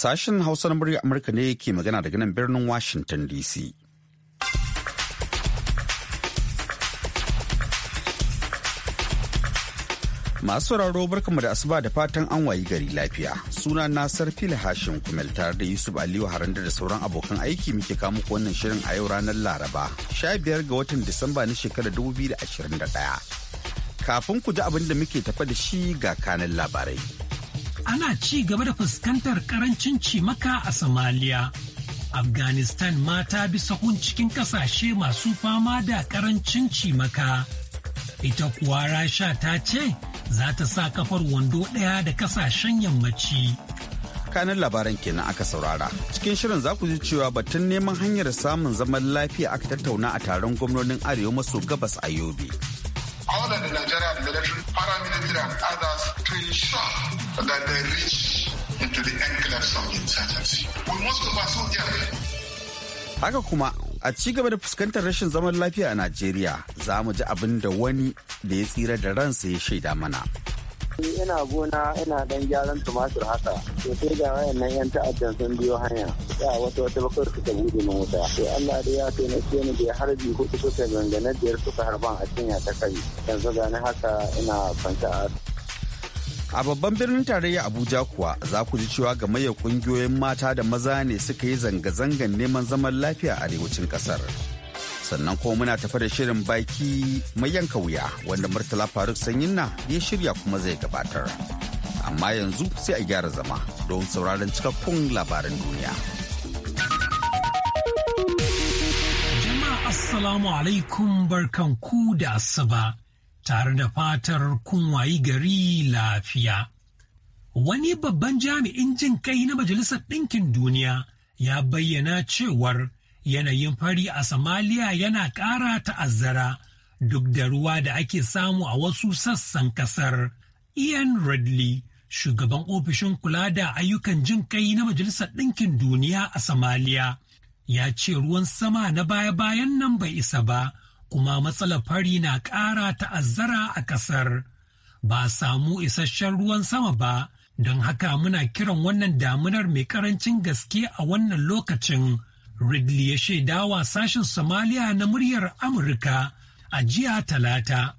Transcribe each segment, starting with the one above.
Sashen Hausa na murya Amurka ne ke magana daga nan birnin Washington DC. Masu sauraro barkanmu da asuba da fatan an wayi gari lafiya. Suna na Fili Hashim Kumel tare da Yusuf Aliyu Haranda da sauran abokan aiki muke kamu wannan shirin a yau ranar Laraba, sha biyar ga watan Disamba na shekarar 2021. Kafin ku ji abin da muke tafa da shi ga kanin labarai. ana ci gaba da fuskantar karancin cimaka a Somalia. Afghanistan mata ta bi sahun cikin kasashe masu fama da karancin cimaka. Ita kuwa Rasha ta ce za ta sa kafar wando ɗaya da kasashen yammaci. kanin labaran kenan aka saurara. Cikin shirin za ku ji cewa batun neman hanyar samun zaman lafiya aka tattauna a taron gwamnonin Arewa maso gabas a Yobe. all that the Nigerian military, paramilitary, and others to ensure that they reach into the enclaves of insurgency. We must oversee them. Haka kuma a ci gaba da fuskantar rashin zaman lafiya a Najeriya za mu ji abin da wani da ya tsira da ransa ya shaida mana. ina gona ina dan gyaran tumatir haka to sai ga wayannan yan ta'addan sun biyo hanya ya wata wata bakwai suka bude min wuta sai Allah da ya taimake ni da harbi hudu suka gangane biyar suka harban a cinya ta kai yanzu gani haka ina kwanta a A babban birnin tarayya abuja kuwa za ku ji cewa gamayyar kungiyoyin mata da maza ne suka yi zanga-zangan neman zaman lafiya a arewacin kasar. sannan kuma muna tafa da shirin baki mai yanka wuya wanda murtala faruk sanyin na ya shirya kuma zai gabatar amma yanzu sai a gyara zama don sauraron cikakkun labaran duniya jama'a assalamu alaikum barkan ku da asaba tare da fatar kun wayi gari lafiya wani babban jami'in jin kai na majalisar ɗinkin duniya ya bayyana cewar Yanayin fari a Somalia yana ƙara ta'azzara duk da ruwa da ake samu a wasu sassan kasar. Ian Radley, shugaban ofishin kula da ayyukan jin kai na Majalisar Ɗinkin Duniya a Somalia, ya ce ruwan sama na baya-bayan nan bai isa ba, kuma matsalar fari na ƙara ta'azzara a ƙasar. Ba samu isasshen ruwan sama ba, don haka muna kiran wannan damunar mai ƙarancin gaske a wannan lokacin. Ridley ya shaidawa sashen Somalia na muryar Amurka a jiya talata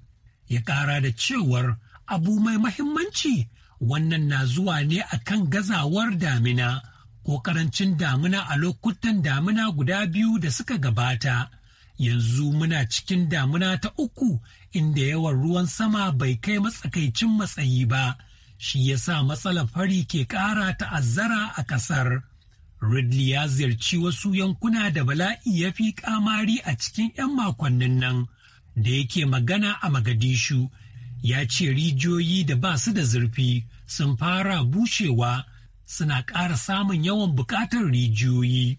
ya ƙara da cewar abu mai mahimmanci wannan na zuwa ne a kan gazawar damina ko ƙarancin damina a lokutan damina guda biyu da suka gabata yanzu muna cikin damina ta uku inda yawan ruwan sama bai kai matsakaicin matsayi ba shi yasa matsalar fari ke ƙara ta'azzara a ƙasar. Ridley ya ziyarci wasu yankuna da bala'i ya fi kamari a cikin 'yan makonnin nan da yake magana a Magadishu ya ce rijiyoyi da ba su da zurfi sun fara bushewa suna ƙara samun yawan buƙatar rijiyoyi.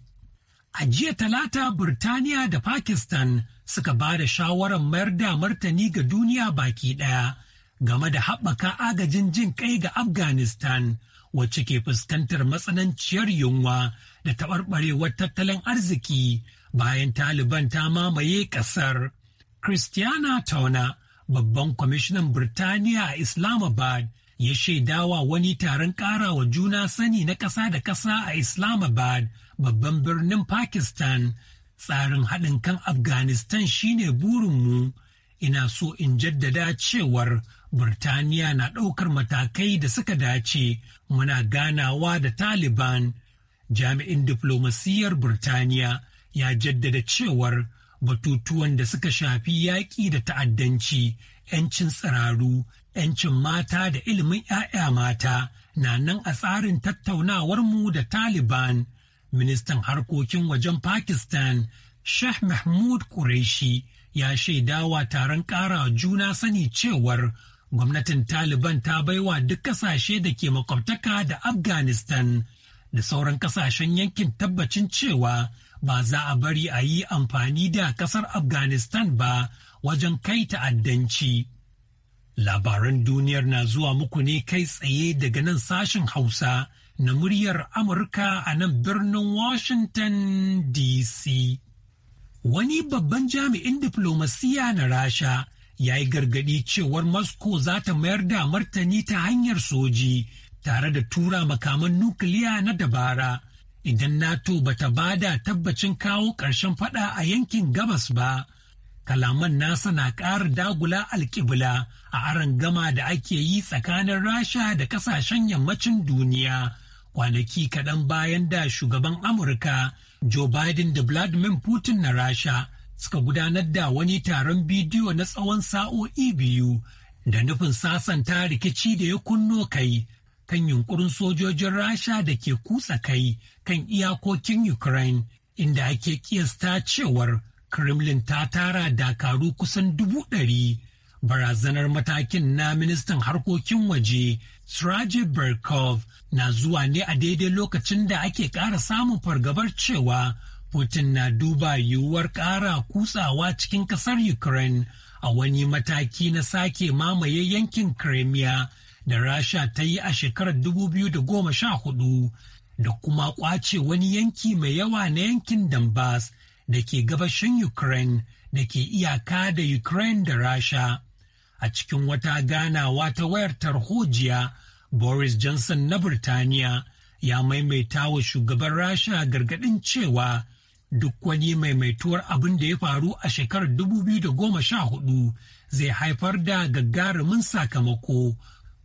A jiya talata Burtaniya da Pakistan suka ba da shawarar mayar da martani ga duniya baki ɗaya game da haɓaka agajin jin kai ga Afghanistan. wacce ke fuskantar matsananciyar yunwa da taɓarɓarewar tattalin arziki bayan Taliban ta mamaye ƙasar. Christiana Tauna, babban kwamishinan Birtaniya a Islamabad, ya shaidawa wani taron ƙarawa juna sani na ƙasa da ƙasa a Islamabad, babban birnin Pakistan. Tsarin haɗin kan Afghanistan shine burinmu. Ina so in jaddada cewar Birtaniya na ɗaukar matakai da suka dace muna ganawa da Taliban. Jami'in diflomasiyyar Burtaniya ya jaddada cewar batutuwan da suka shafi yaƙi da ta'addanci, 'yancin tsiraru, 'yancin mata da ilimin 'ya'ya mata na nan a tsarin tattaunawarmu da Taliban. Ministan harkokin wajen Pakistan, Sheikh Mahmud Qureshi, ya shaidawa taron ƙara juna sani cewar gwamnatin Taliban ta baiwa duk kasashe da ke makwabtaka da Afghanistan da sauran kasashen yankin tabbacin cewa ba za a bari a yi amfani da kasar Afghanistan ba wajen kai ta'addanci. Labaran duniyar na zuwa muku ne kai tsaye daga nan sashen Hausa na muryar Amurka a nan birnin Washington DC. Wani babban jami'in diflomasiya na Rasha ya yi gargaɗi cewar Moscow za ta mayar da martani ta hanyar soji tare da tura makaman nukiliya na dabara idan NATO ba ta ba da tabbacin kawo ƙarshen faɗa a yankin gabas ba. Kalaman nasa na ƙara dagula alƙibla a aron gama da ake yi tsakanin Rasha da ƙasashen yammacin duniya. Kwanaki kaɗan bayan da shugaban Amurka Joe Biden da Vladimir Putin na Rasha suka gudanar da wani taron bidiyo na tsawon sa'o'i biyu da nufin sasanta rikici da ya kunno kai kan yunkurin sojojin rasha da ke kutsa kai kan iyakokin ukraine inda ake kiyasta cewar kremlin ta tara dakaru kusan dubu ɗari barazanar matakin na ministan harkokin waje Sraje Berkov na zuwa ne a daidai lokacin da ake ƙara samun fargabar cewa Putin na duba yiwuwar ƙara kutsawa cikin ƙasar Ukraine a wani mataki na sake mamaye yankin Crimea da Rasha ta yi a shekarar 2014 da kuma ƙwace wani yanki mai yawa na yankin Donbass da ke gabashin Ukraine da ke iyaka da Ukraine da Rasha. A cikin wata ganawa ta wayar tarhojiya, Boris Johnson na Burtaniya ya maimaita wa shugaban Rasha gargaɗin cewa duk wani maimaituwar abin da ya faru a shekarar dubu biyu da goma sha hudu zai haifar da gagarumin sakamako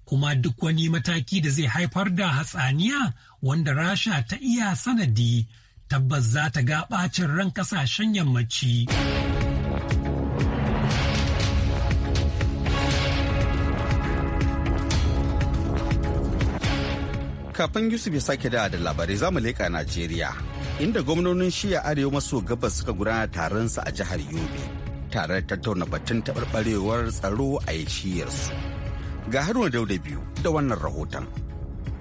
kuma duk wani mataki da zai haifar da hatsaniya wanda rasha ta iya sanadi tabbas za ta ga ɓacin ran ƙasashen yammaci. kafin yusuf ya sake da da labarai zamu leƙa najeriya inda gwamnonin shiya arewa maso gabas suka gudana taron su a jihar yobe tare da tattauna batun taɓarɓarewar tsaro a yashiyarsu ga haruna dauda biyu da wannan rahoton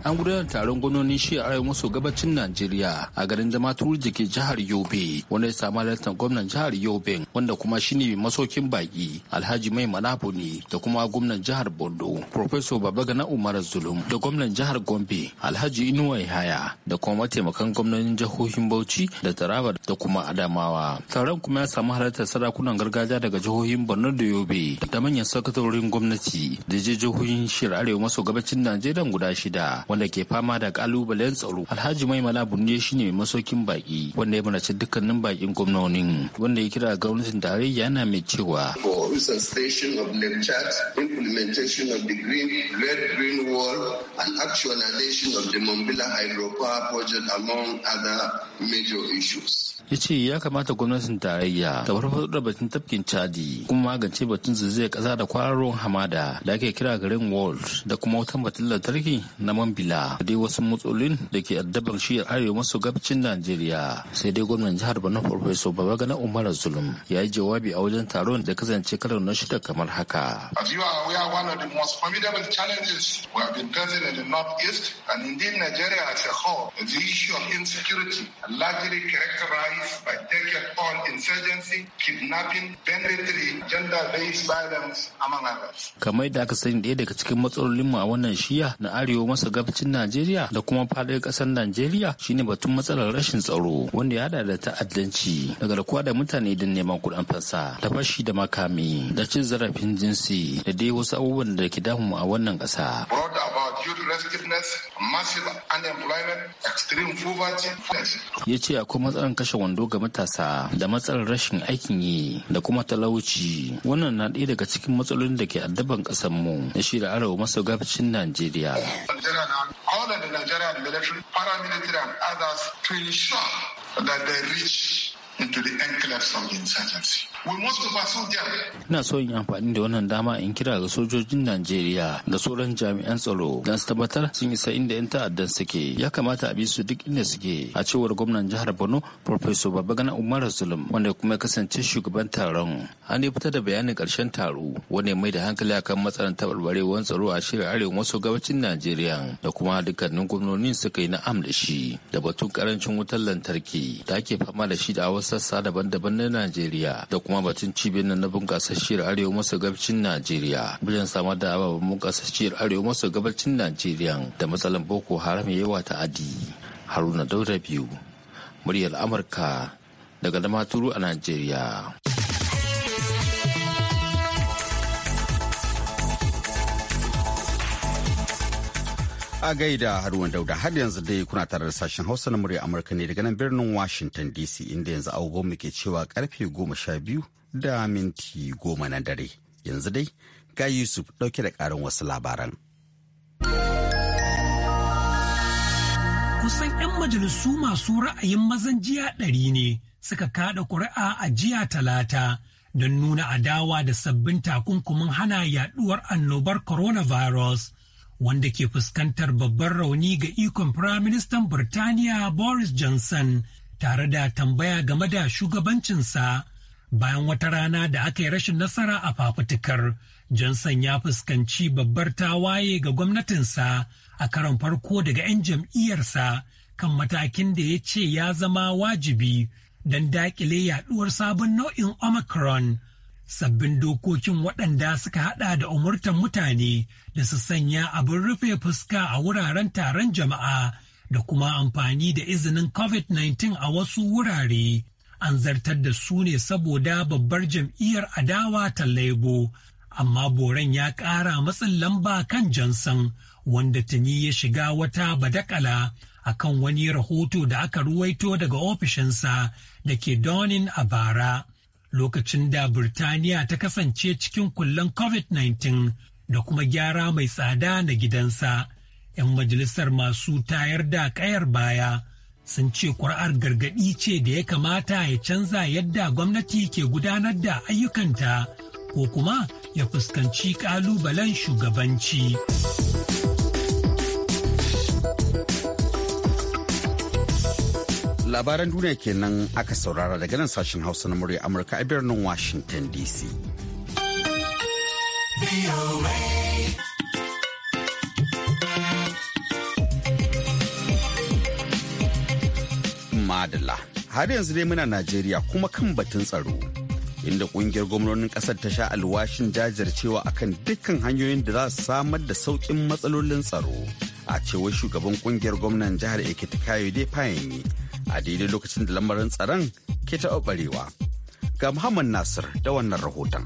an gudanar taron gwamnonin shi a arewa maso gabacin najeriya a garin zama turu jihar yobe wanda ya samu halartar gwamnan jihar yobe wanda kuma shine masokin baki alhaji mai malabu da kuma gwamnan jihar bondo professor babagana umar zulum da gwamnan jihar gombe alhaji inuwa yahaya da kuma mataimakan gwamnonin jihohin bauchi da taraba da kuma adamawa taron kuma ya samu halartar sarakunan gargajiya daga jihohin borno da yobe da manyan sakatorin gwamnati da jihohin shirin arewa maso gabacin najeriya guda shida wanda ke fama da kalubalen tsaro alhaji maimala bunje shine masokin baki wanda ya manace dukkanin bakin gwamnonin wanda ya kira gwamnatin tarayya yana mai cewa implementation of the green red green wall and of the Mambila among other major issues ya ce ya kamata gwamnatin tarayya ta farfaɗo da batun tafkin chadi kuma magance batun zazzayar kasa da kwararon hamada da ake kira garin world da kuma wata batun lantarki na mambila A dai wasu matsalolin da ke addabar shiyar arewa masu gabacin najeriya sai dai gwamnan jihar borno farfesa babagana umar zulum ya Yayi jawabi a wajen taron da kasance karon na shida kamar haka as you are aware one of the most formidable challenges we have been present in the northeast and indeed nigeria as a whole is the issue of insecurity largely characterized by decade-old insurgency kidnapping banditry gender-based violence among others kamar da aka sani ɗaya daga cikin matsalolin mu a wannan shiya na arewa maso gabacin arewacin Najeriya da kuma faɗin ƙasar Najeriya shine batun matsalar rashin tsaro wanda ya hada da ta'addanci da garkuwa da mutane don neman kuɗin fasa da fashi da makami da cin zarafin jinsi da dai wasu abubuwan da ke damu a wannan ƙasa. massive unemployment, extreme poverty. Ya ce akwai matsalar kashe wando ga matasa da matsalar rashin aikin yi da kuma talauci. Wannan na ɗaya daga cikin matsalolin da ke addaban ƙasar mu na shi arewa maso gabashin Najeriya. military, and others that they reach into the enclaves of the insurgency. Ina so yin amfani da wannan dama in kira ga sojojin Najeriya da sauran jami'an tsaro don su tabbatar sun isa inda 'yan ta'addan suke. Ya kamata a bi su duk inda suke. A cewar gwamnan jihar Borno, Professor Babagana Umar Zulum, wanda kuma ya kasance shugaban taron. An yi fita da bayanin karshen taro, wanda mai da hankali akan matsalar tabarbarewar tsaro a shirin arewa maso gabacin Najeriya da kuma dukkanin gwamnonin suka yi na'am da shi da batun karancin wutar lantarki da ake fama da shi da wasu sassa daban-daban na Najeriya da kuma kuma batun cibiyar nan na bunƙasasshiyar arewa maso gabacin najeriya wajen samar da ababen bunƙasasshiyar arewa maso gabacin najeriya da matsalan boko haram yawa ta'adi haruna daura biyu muryar amurka daga damaturu a najeriya A gaida Haruwan Dauda har yanzu dai kuna tare da sashen Hausa na murya Amurka ne daga nan birnin Washington DC inda yanzu agogo ke cewa karfe goma sha biyu da minti goma na dare. Yanzu dai ga Yusuf dauke da karin wasu labaran. Kusan 'yan majalisu masu ra'ayin mazan jiya ɗari ne suka kaɗa ƙuri'a a jiya talata don nuna adawa da sabbin takunkumin hana yaɗuwar annobar coronavirus. wanda ke fuskantar babban rauni ga ikon Firaministan Birtaniya Boris Johnson tare da tambaya game da shugabancinsa bayan wata rana da aka yi rashin nasara a fafutukar. Johnson ya fuskanci babbar tawaye ga gwamnatinsa a karon farko daga 'yan jam'iyyarsa kan matakin da ya ce ya zama wajibi don daƙile yaɗuwar sabon nau'in Omicron sabbin dokokin waɗanda suka haɗa da umurtan mutane da su sanya abin rufe fuska a wuraren taron jama'a da kuma amfani da izinin covid-19 a wasu wurare an zartar da su ne saboda babbar jam'iyyar adawa ta laibo amma Boran ya ƙara matsin lamba kan jansan wanda tuni ya shiga wata badakala a kan wani rahoto da aka ruwaito daga ofishinsa da ke donin a bara. lokacin da Birtaniya ta kasance cikin kullen COVID-19 da kuma gyara mai tsada na gidansa. 'Yan majalisar masu tayar da ƙayar baya sun ce ƙuri'ar gargaɗi ce da ya kamata ya canza yadda gwamnati ke gudanar da ayyukanta ko kuma ya fuskanci ƙalubalen shugabanci. labaran duniya kenan aka saurara daga nan sashen hausa na murya amurka a birnin washington dc madala har yanzu dai muna najeriya kuma kan batun tsaro inda kungiyar gwamnonin kasar ta sha alwashin jajircewa akan dukkan hanyoyin da za su samar da sauƙin matsalolin tsaro a cewar shugaban kungiyar gwamnan jihar ekiti kayode fayemi a daidai lokacin da lamarin tsaron ke taɓarewa. Ga Muhammad Nasir da wannan rahoton.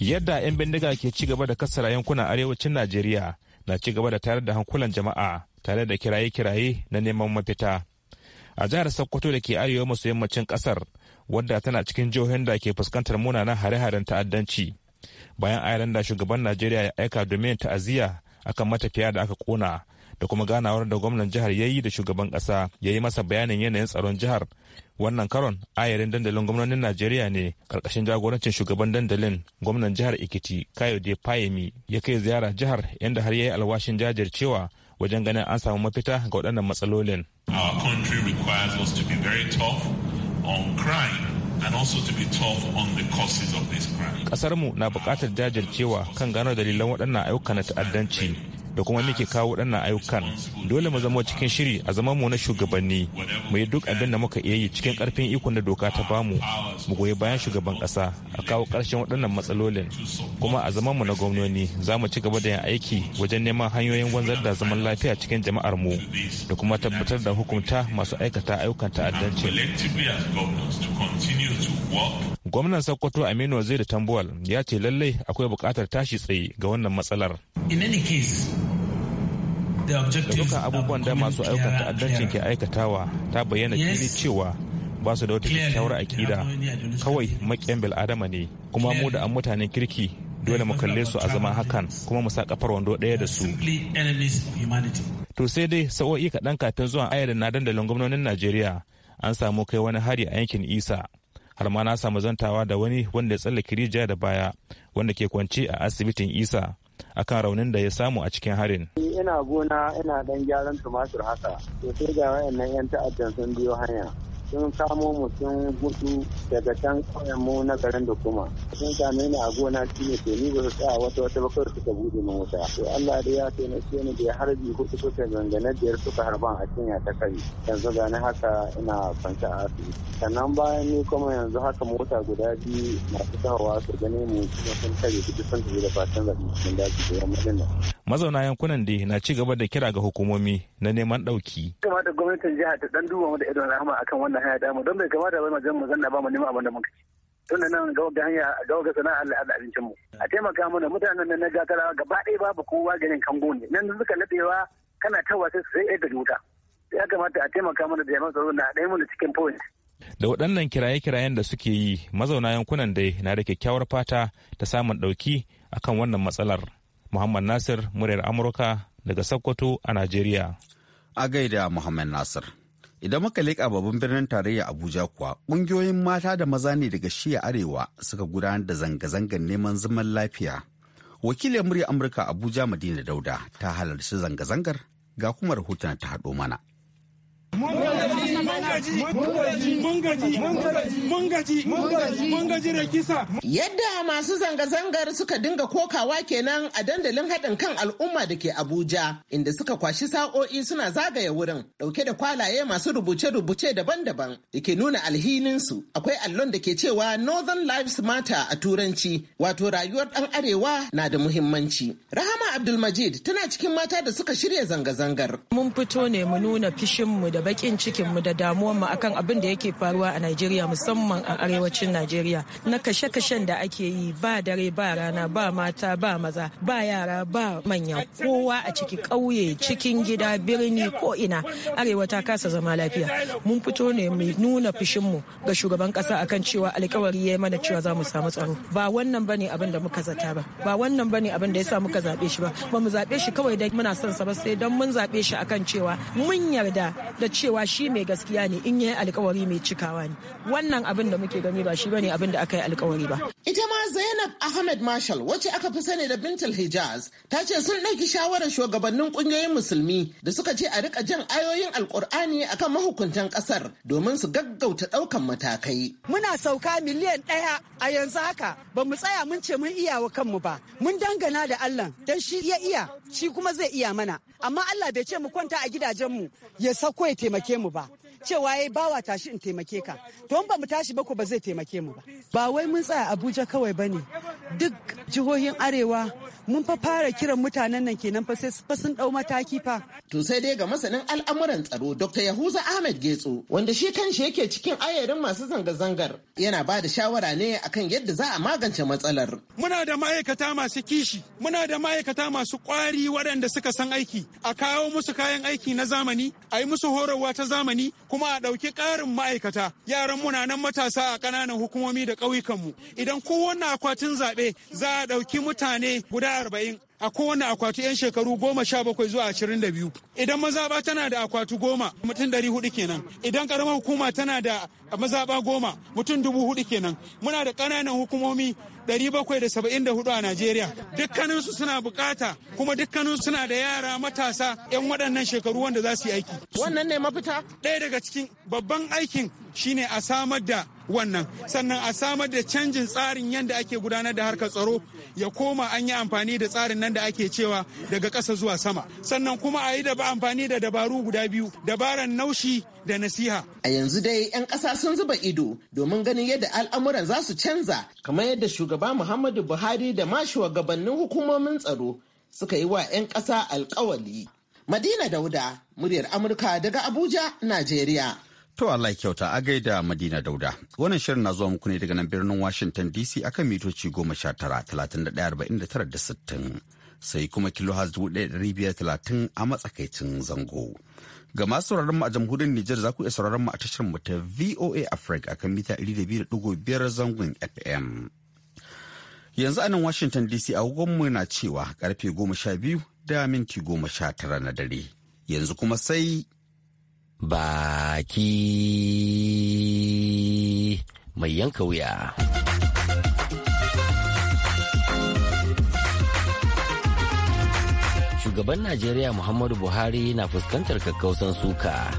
Yadda 'yan bindiga ke ci gaba da kasara yankunan arewacin Najeriya na ci gaba da tayar da hankulan jama'a tare da kiraye-kiraye na neman mafita. A jihar Sokoto da ke arewa maso yammacin kasar wadda tana cikin jihohin da ke fuskantar munanan hare-haren ta'addanci. Bayan ayaran da shugaban Najeriya ya aika domin ta'aziyya akan matafiya da aka kona da kuma ganawar da gwamnan jihar ya yi da shugaban kasa ya yi masa bayanin yanayin tsaron jihar wannan karon ayarin dandalin gwamnonin najeriya ne karkashin jagorancin shugaban dandalin gwamnan jihar ikiti kayode payemi ya kai ziyara jihar yadda har ya yi alwashin jajircewa wajen ganin an samu mafita ga waɗannan matsalolin our country na bukatar jajircewa kan gano dalilan waɗannan ayyuka na ta'addanci da kuma muke kawo waɗannan ayyukan dole mu zama cikin shiri a zaman mu na shugabanni mu yi duk abin da muka iya yi cikin karfin ikon da doka ta bamu mu goyi bayan shugaban ƙasa a kawo ƙarshen waɗannan matsalolin kuma a zaman mu na gwamnoni za mu ci gaba da yin aiki wajen neman hanyoyin wanzar da zaman lafiya cikin jama'ar mu da kuma tabbatar da hukunta masu aikata ayyukan ta'addanci. gwamnan sokoto aminu da tambuwal ya ce lallai akwai bukatar tashi tsaye ga wannan matsalar da dukkan abubuwan da masu ayyukan ta'addancin ke aikatawa ta bayyana fili cewa ba su da wata kyakkyawar akida kawai maƙiyan bil'adama ne kuma mu da an mutanen kirki dole mu kalle su a zama hakan kuma mu sa kafar wando ɗaya da su to sai dai sa'o'i kaɗan kafin zuwa ayar na dandalin gwamnonin najeriya an samu kai wani hari a yankin isa har ma na samu zantawa da wani wanda ya tsallake rijiya da baya wanda ke kwance a asibitin isa akan raunin da ya samu a cikin harin. ina gona ina dan gyaran tumatir haka sosai sai ga wayannan yan ta'addan sun biyo hanya sun kamo mutum gudu daga can ƙauyen mu na garin da kuma sun same ni a gona shi ne ke ni ba su tsaya wata wata ba kawai suka buɗe min wuta to Allah dai ya taimake ni da harbi hudu suka gangane biyar suka harban a cinya ta kai yanzu ga ni haka ina kwance a asibiti sannan bayan ni kuma yanzu haka mota guda biyu masu tahowa su gane mu kuma sun tare duk sun tafi da fatan zaɓi cikin daji da yamma dinnan. mazauna yankunan da na ci gaba da kira ga hukumomi na neman ɗauki. kamata gwamnatin jiha ta ɗan duba mu da idon rahama akan wannan Allah ya damu don bai kamata ba magan magan na ba mu neman abin da muka ci tun da nan ga hanya ga waga sana'a Allah Allah abincin mu a taimaka mana mutanen nan na gatarawa gaba ɗaya babu kowa ganin kango ne nan suka nadewa kana tawa sai sai ai da wuta ya kamata a taimaka mana da jami'an tsaro na ɗaya mana cikin point da waɗannan kiraye-kirayen da suke yi mazauna yankunan dai na da kyakkyawar fata ta samun ɗauki akan wannan matsalar muhammad nasir muryar amurka daga sokoto a najeriya a gaida muhammad nasir Idan muka leƙa babban birnin tarayya Abuja kuwa, ƙungiyoyin mata da maza ne daga shiya arewa suka gudanar da zanga-zangar neman zaman lafiya. Wakilin murya Amurka Abuja Madina Dauda ta halarci zanga-zangar ga kuma rahoton ta haɗo mana. yadda masu zanga-zangar suka dinga kokawa kenan a dandalin haɗin kan al'umma da ke Abuja inda suka kwashi sa'o'i suna zagaya wurin ɗauke da kwalaye masu rubuce-rubuce daban-daban da ke nuna alhininsu akwai allon da ke cewa Northern Lives Matter a turanci wato rayuwar ɗan arewa na da muhimmanci. Rahama Abdulmajid tana cikin mata da suka shirya zanga-zangar. Mun fito ne mu nuna fishinmu da bakin cikinmu da damuwa mu akan abin da yake faruwa a Najeriya musamman a arewacin Najeriya na kashe-kashen da ake yi ba dare ba rana ba mata ba maza ba yara ba manya kowa a ciki ƙauye cikin gida birni ko ina arewa ta kasa zama lafiya mun fito ne mu nuna mu ga shugaban ƙasa akan cewa alƙawari ya mana cewa za mu samu tsaro ba wannan bane abin da muka zata ba ba wannan bane abin da yasa muka zaɓe shi ba ba mu zaɓe shi kawai dan muna son sa ba sai dan mun zaɓe shi akan cewa mun yarda da cewa shi mai gaskiya ne in yayi alkawari mai cikawa ne wannan abin da muke gani ba shi bane abin da aka yi alkawari ba ita ma Zainab Ahmed Marshall wacce aka fi sani da Bintul Hijaz ta ce sun ɗauki shawarar shugabannin ƙungiyoyin musulmi da suka ce a rika jan ayoyin alkur'ani akan mahukuntan ƙasar domin su gaggauta ɗaukan matakai muna sauka miliyan ɗaya a yanzu haka ba mu tsaya mun ce mun iya wa kanmu ba mun dangana da Allah dan shi ya iya shi kuma zai iya mana amma Allah bai ce mu kwanta a gidajenmu ya sako ya taimake mu ba cewa yayi bawa tashi in taimake ka to ba mu tashi ba ko ba zai taimake mu ba ba wai mun tsaya Abuja kawai bane duk jihohin arewa mun fa fara kiran mutanen nan kenan fa sai sun dau mataki fa to sai dai ga masanin al'amuran tsaro Dr. Yahuza Ahmed Getso wanda shi kanshi yake cikin ayarin masu zanga-zangar yana ba da shawara ne akan yadda za a magance matsalar muna da ma'aikata masu kishi muna da ma'aikata masu kwari waɗanda suka san aiki a kawo musu kayan aiki na zamani a yi musu horarwa ta zamani kuma a ɗauki ƙarin ma'aikata yaran muna nan matasa a ƙananan hukumomi da ƙauyukan mu idan kowanne akwatin zaɓe za a ɗauki mutane guda arba'in a kowane akwatu 'yan shekaru goma sha bakwai zuwa ashirin da biyu idan mazaɓa tana da akwatu goma mutum dari hudu kenan idan karamar hukuma tana da mazaɓa goma mutum dubu hudu kenan muna da ƙananan hukumomi dari bakwai da da saba'in hudu a Najeriya. Dukkaninsu suna bukata kuma dukkaninsu suna da yara matasa 'yan waɗannan shekaru wanda za su yi aiki. Wannan ne mafita? Ɗaya daga cikin babban aikin shine a samar da wannan sannan a samar da canjin tsarin yadda ake gudanar da harkar tsaro ya koma an yi amfani da tsarin nan da ake cewa daga ƙasa zuwa sama sannan kuma a yi da amfani da dabaru guda biyu dabaran naushi da nasiha a yanzu dai 'yan ƙasa sun zuba ido domin ganin yadda al'amuran za su canza kamar yadda shugaba muhammadu buhari da ma shugabannin hukumomin tsaro suka yi wa 'yan ƙasa alkawali madina dauda muryar amurka daga abuja najeriya To Allah kyauta a gaida Madina Dauda. Wannan shirin na zuwa muku ne daga nan birnin Washington DC akan mitoci goma sha tara talatin da arba'in da tara da sittin sai kuma kilohaz dubu ɗaya ɗari biyar talatin a matsakaicin zango. Ga masu sauraron mu a jamhuriyar Nijar za ku iya sauraron mu a tashar mu ta VOA Africa akan mita ɗari da biyu da ɗigo biyar zangon FM. Yanzu a nan Washington DC agogonmu mu na cewa karfe goma sha biyu da minti goma sha tara na dare. Yanzu kuma sai baki mai yanka wuya. Shugaban Najeriya Muhammadu Buhari na fuskantar kakkausan suka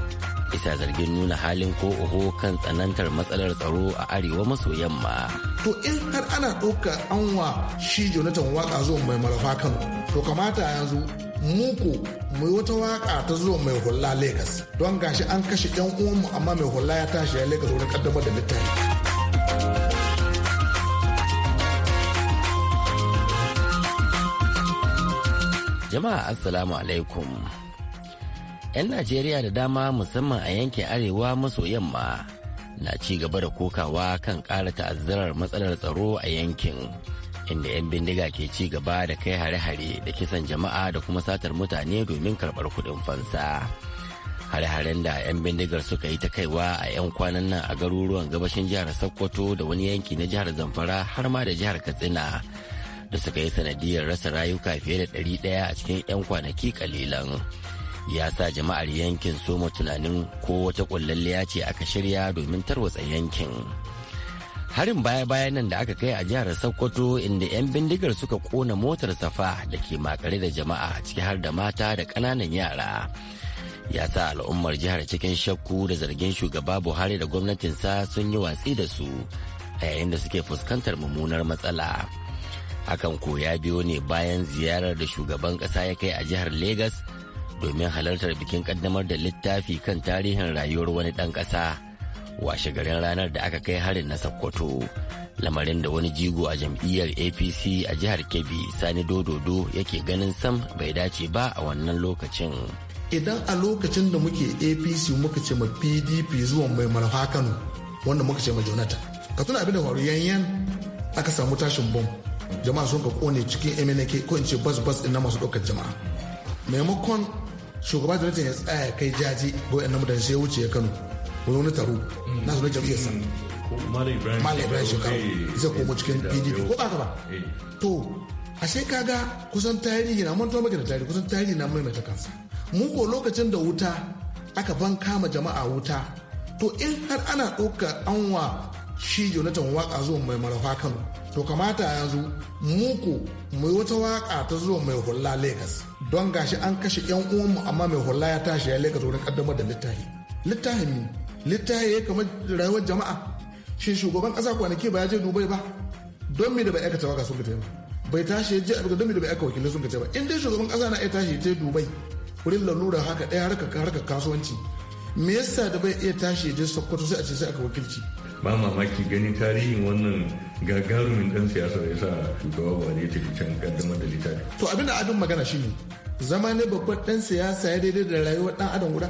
isa zargin nuna halin ko oho kan tsanantar matsalar tsaro a arewa maso yamma. To in har ana ɗauka anwa shi Jonathan waka zuwa mai marafa Kano, to kamata yanzu muku mu wata waka ta zuwa mai hula Legas don gashi an kashe yan uwanmu amma mai hula ya tashi ya Legas wurin kaddamar da littafi. Jama'a Assalamu alaikum. 'Yan Najeriya da dama musamman a yankin Arewa maso yamma na ci gaba da kokawa kan ƙara ta'azzarar matsalar tsaro a yankin. inda 'yan bindiga ke ci gaba da kai hare-hare da kisan jama'a da kuma satar mutane domin karɓar kuɗin fansa. Hare-haren da 'yan bindigar suka yi ta kaiwa a 'yan kwanan nan a garuruwan gabashin jihar Sokoto da wani yanki na jihar Zamfara har ma da jihar Katsina da suka yi sanadiyar rasa rayuka fiye da ɗari ɗaya a cikin 'yan kwanaki kalilan. Ya sa jama'ar yankin soma tunanin ko wata ƙullalliya ce aka shirya domin tarwatsa yankin. harin baya-bayan nan da aka kai a jihar sokoto inda 'yan bindigar suka kona motar safa da ke makare da jama'a ciki har da mata da ƙananan yara ya sa al'ummar jihar cikin shakku da zargin shugaba buhari da gwamnatinsa sun yi watsi da su a yayin da suke fuskantar mummunar matsala akan koya ya biyo ne bayan ziyarar da shugaban ƙasa ya kai a jihar Legas domin halartar bikin ƙaddamar da littafi kan tarihin rayuwar wani ɗan ƙasa. washe garin ranar da aka kai harin na Sokoto. Lamarin da wani jigo a jam'iyyar APC a jihar Kebbi Sani Dododo yake ganin sam bai dace ba a wannan lokacin. Idan a lokacin da muke APC muka ce ma PDP zuwa mai marafa Kano wanda muka ce ma Jonathan. Ka tuna abin da faru yanyan aka samu tashin bom. Jama'a sun ka kone cikin MNK ko in ce bas bas din na masu ɗaukar jama'a. Maimakon shugaba Jonathan ya tsaya kai jaji ga na mutane sai ya wuce ya Kano. wani wani taro na su na jam'iyyarsa malai mm. oh, ibrahim shekaru eh, zai komo eh, cikin pdp eh, ko ba ka ba to ka ga kusan tarihi na mantuwa maka da tarihi kusan tarihi na maimaita kansa mu ko lokacin da wuta aka ban kama jama'a wuta to in har ana an anwa shi jonathan waka zuwa mai marafa kano to kamata yanzu muku mai wata waka ta zuwa mai hula lagos don gashi an kashe yan uwanmu amma mai hula ya tashi ya lagos wurin kaddamar da littafi littafin littafi ya kamar rayuwar jama'a shin shugaban kasa kwanaki ba ya je dubai ba don me da bai aikata waka sun ka ba bai tashi ya je abu don me da bai aika wakilai sun ka ba in dai shugaban kasa na iya tashi ya dubai wurin lalura haka ɗaya harkar kasuwanci me yasa da bai iya tashi ya je sokoto sai a ce sai aka wakilci ba mamaki ganin tarihin wannan gagarumin dan siyasa ya sa shugaba ba ne tafi can kaddamar da littafi to abin da abin magana shine zama ne babban dan siyasa ya daidai da rayuwar dan adam guda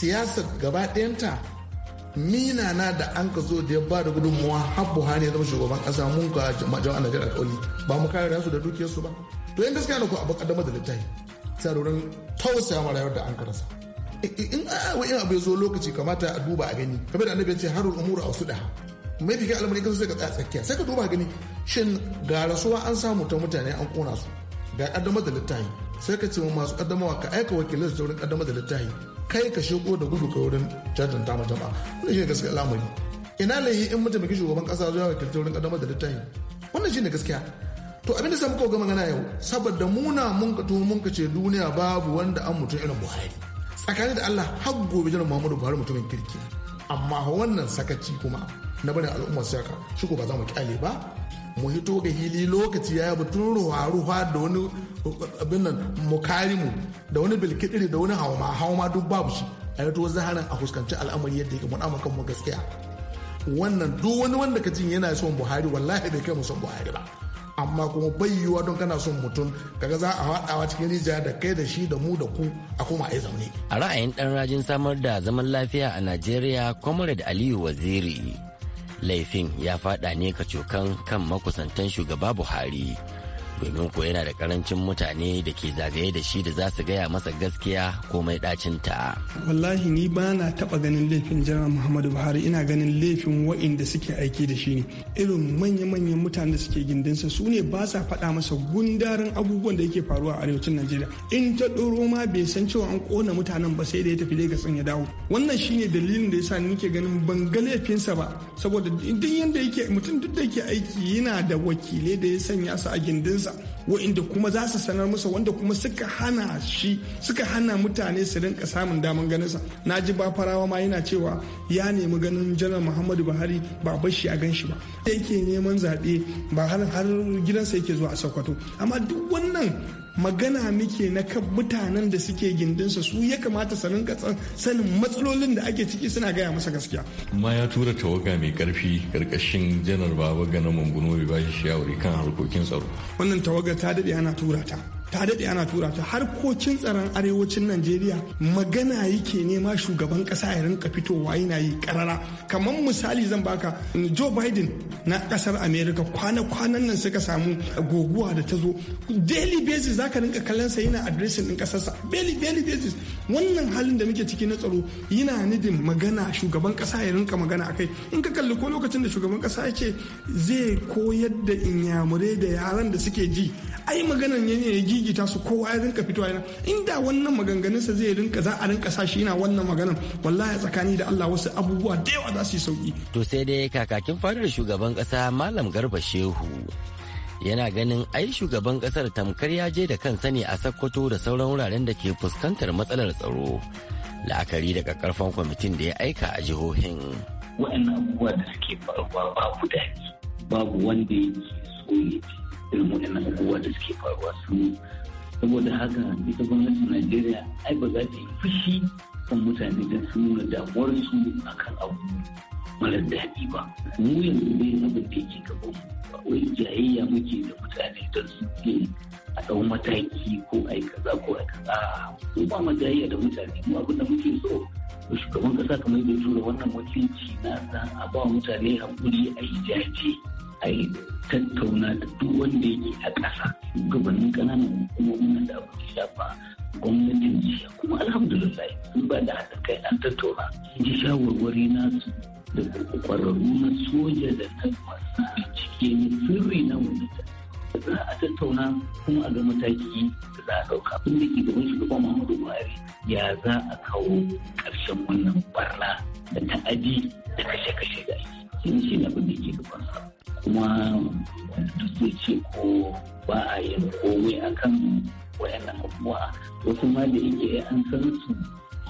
siyasar gaba ɗayanta mina na da an ka zo da ya ba da gudunmuwa har buhari ya zama shugaban ƙasa mun ka jama'a najeriya alƙawali ba mu kare su da dukiyarsu ba to yin gaskiya na ku abu kaddamar da littafi tsarorin tausaya ma rayuwar da an karasa in ah, wa'in abu ya zo lokaci kamata a duba a gani kamar da annabi ya ce harul umuru a wasu da mai fi kai al'amari sai ka tsaya tsakiya sai ka duba gani shin ga rasuwa an samu ta mutane an kona su ga kaddamar da littafi sai ka ce masu kaddamawa ka aika wakilai da wurin kaddamar da littafi kai ka shigo da gudu ka wurin jajin ta jama'a wannan shi ne gaskiya al'amari ina yi in mataimakin shugaban kasa zuwa wakilta wurin kadamar da littafi wannan shi ne gaskiya to abin da sai muka gama magana yau saboda muna mun ka mun ka ce duniya babu wanda an mutu irin Buhari tsakani da Allah har gobe jiran Muhammadu Buhari mutumin kirki amma wannan sakaci kuma na barin al'ummar su yaka shi ko ba za mu kyale ba mu hito ga hili lokaci ya yaba tun ruwa-ruwa da wani abin nan mukarimu da wani bilkidiri da wani hauma hauma duk babu shi a yato zaharan a fuskanci al'amari yadda ya faɗa kan mu gaskiya wannan duk wani wanda ka yana son buhari wallahi bai kai mu son buhari ba amma kuma bai yiwuwa don kana son mutum kaga za a haɗawa cikin rijiya da kai da shi da mu da ku a kuma a yi zaune. a ra'ayin ɗan rajin samar da zaman lafiya a najeriya comrade aliyu waziri laifin ya fada ne kacokan kan makusantan shugaba buhari domin ko yana da karancin mutane da ke zagaye da shi da za su gaya masa gaskiya komai dacin ta. Wallahi ni ba na taɓa ganin laifin jiran Muhammadu Buhari ina ganin laifin wa'inda suke aiki da shi ne. Irin manya-manyan mutanen da suke gindinsa su ne ba sa faɗa masa gundarin abubuwan da yake faruwa a arewacin Najeriya. In ta ɗoro ma bai san cewa an ƙona mutanen ba sai da ya tafi Legas ya dawo. Wannan shi ne dalilin da yasa nike ganin ban ga laifinsa ba saboda duk yanda yake mutum duk da yake aiki yana da wakilai da ya sanya su a gindinsa wa'inda kuma za su sanar masa wanda kuma suka hana shi suka hana mutane su rinka samun daman ganinsa na ji ba farawa ma yana cewa ya nemi ganin janar muhammadu buhari ba bar shi a gan shi ba yake neman zaɓe ba har gidansa yake zuwa a sokoto amma duk wannan magana muke na kan mutanen da suke gindinsa su ya kamata su rinka sanin matsalolin da ake ciki suna gaya masa gaskiya. amma ya tura tawaga mai karfi karkashin janar baba ganin mambuno ba shi shawari kan harkokin tsaro. wannan tawaga ta daɗe ana tura ta. ta daɗe ana tura ta harkokin tsaron arewacin najeriya magana yake nema shugaban ƙasa ya rinka fitowa yana yi karara kamar misali zan baka joe biden na ƙasar america kwana-kwanan nan suka samu goguwa da ta zo daily basis za ka rinka kallon sa yana addressing ɗin ƙasarsa daily daily basis wannan halin da muke ciki na tsaro yana nidin magana shugaban ƙasa ya rinka magana akai in ka kalli ko lokacin da shugaban ƙasa ya ce zai koyar da inyamurai da yaran da suke ji ai maganan ne ya gigita su kowa ya rinka fitowa yana inda wannan maganganunsa zai rinka za a rinka sa shi yana wannan maganan wallahi tsakani da Allah wasu abubuwa da yawa za su yi sauki to sai dai kakakin fadar shugaban kasa malam garba shehu yana ganin ai shugaban kasar tamkar ya je da kansa ne a sakkwato da sauran wuraren da ke fuskantar matsalar tsaro la'akari da karfan kwamitin da ya aika a jihohin waɗannan abubuwa da suke faruwa babu da babu wanda yake so ya irin waɗannan abubuwa da suke faruwa su saboda haka ita gwamnatin najeriya ai ba za ta yi fushi kan mutane da su nuna damuwarsu a kan abu marar daɗi ba mu yanzu dai abin da yake gaba ba wai jayayya muke da mutane don su ke a ɗau mataki ko ai kaza ko ai kaza mu ba mu jayayya da mutane mu abin da muke so shugaban ƙasa kamar da tura wannan wakilci na a ba mutane hakuri a yi jaje a yi tattauna da duk wanda yake a ƙasa gabanin ƙananan hukumomin da abu shafa gwamnatin jiya kuma alhamdulillah sun ba da haɗa kai an tattauna ji shawarwari su da ƙwararru na soja da na masu cike na sirri na Da za a tattauna kuma a ga mataki da za a ɗauka abin da ke gaban shugaban muhammadu buhari ya za a kawo ƙarshen wannan barna da ta'adi da kashe-kashe da ake sai shi ne abin da ke kuma duk zai ce ko ba a yin komai akan wayannan abubuwa wasu ma da yake an san su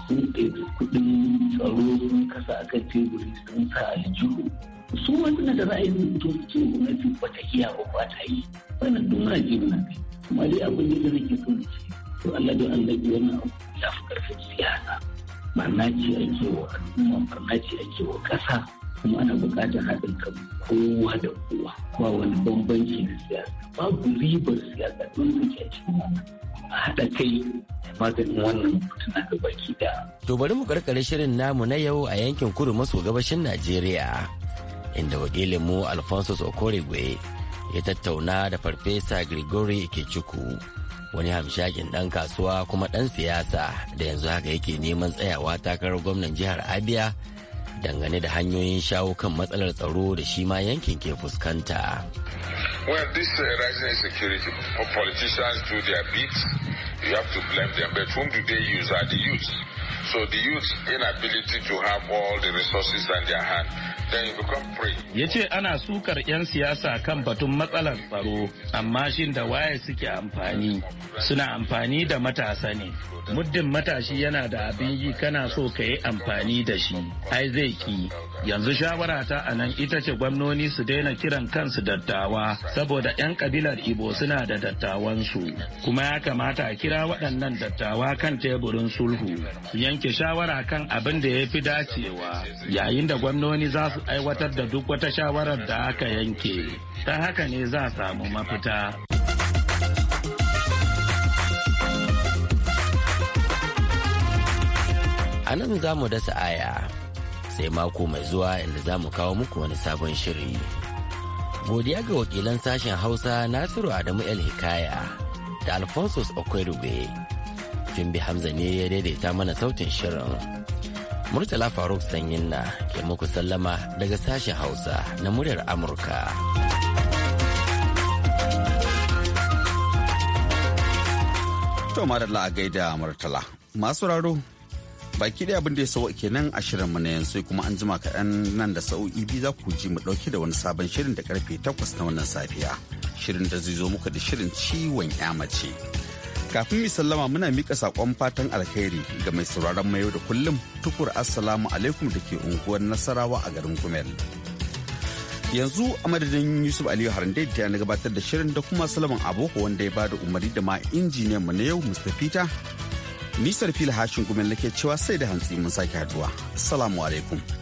sun ɗaya kuɗin tsaro sun kasa a kan teburi sun sa aljihu su na da ra'ayin to ce gwamnati ba ta iya ba ba ta yi wannan duk muna ji muna kai kuma dai abin da nake so na ce to Allah da Allah wannan abu ya fi ƙarfin siyasa barna ake wa al'umma ake wa ƙasa kuma ana buƙatar haɗin kan kowa da kowa ba wani bambanci na siyasa babu ribar siyasa don su ke cikin a haɗa kai wannan To bari mu karkare shirin namu na yau a yankin kudu maso gabashin Najeriya inda wakilinmu Alphonsus Okoregwe ya tattauna da farfesa Grigori Ikechukwu wani hamshakin ɗan kasuwa kuma ɗan siyasa da yanzu haka yake neman tsayawa takarar gwamnan jihar Abia dangane da hanyoyin shawo kan matsalar tsaro da shi ma yankin ke fuskanta. Well, this uh, security, politicians do their You have to blame them, but whom do they use? Are the youth? So the youth inability to have all the resources in their hand, then you become free. Ya ana sukar 'yan siyasa kan batun matsalar tsaro, amma shin da waye suke amfani? Suna amfani da matasa ne. Muddin matashi yana da abin yi kana so ka yi amfani da shi, ai zai ki. Yanzu shawara ta a nan ita ce gwamnoni su daina kiran kansu dattawa, saboda 'yan kabilar Ibo suna da dattawansu, kuma ya kamata a kira waɗannan dattawa kan teburin sulhu. ya yanke shawara kan abin da ya fi dacewa yayin da gwamnoni za su aiwatar da duk wata shawarar da aka yanke ta haka ne za samu mafita a nan za mu dasa aya sai mako mai zuwa inda za mu kawo muku wani sabon shiri godiya ga wakilan sashen hausa nasiru adamu el hikaya da alphonsus okwerube Jimbi Hamza ne ya daidaita mana sautin shirin. Murtala Faruk Sanyin na ke muku sallama daga sashen Hausa na muryar Amurka. To madalla a gaida Murtala. Masu raro baki da abin da ya sawo nan a shirinmu na yanzu kuma an jima kaɗan nan da sa'o'i biyu za ku ji mu ɗauki da wani sabon shirin da karfe takwas na wannan safiya. Shirin da zai zo muka da shirin ciwon ya mace. Kafin mu sallama muna mika sakon fatan alheri ga mai sauraron mayo da kullum tukur assalamu alaikum da ke unguwar Nasarawa a garin Gumel. Yanzu a madadin Yusuf Aliyu Harande da na gabatar da shirin da kuma Salaman Aboko wanda ya bada umarni da ma injiniyan mu na yau Mr. Peter. Nisar fil hashin gumel nake cewa sai da hantsi mun sake haduwa. Assalamu alaikum.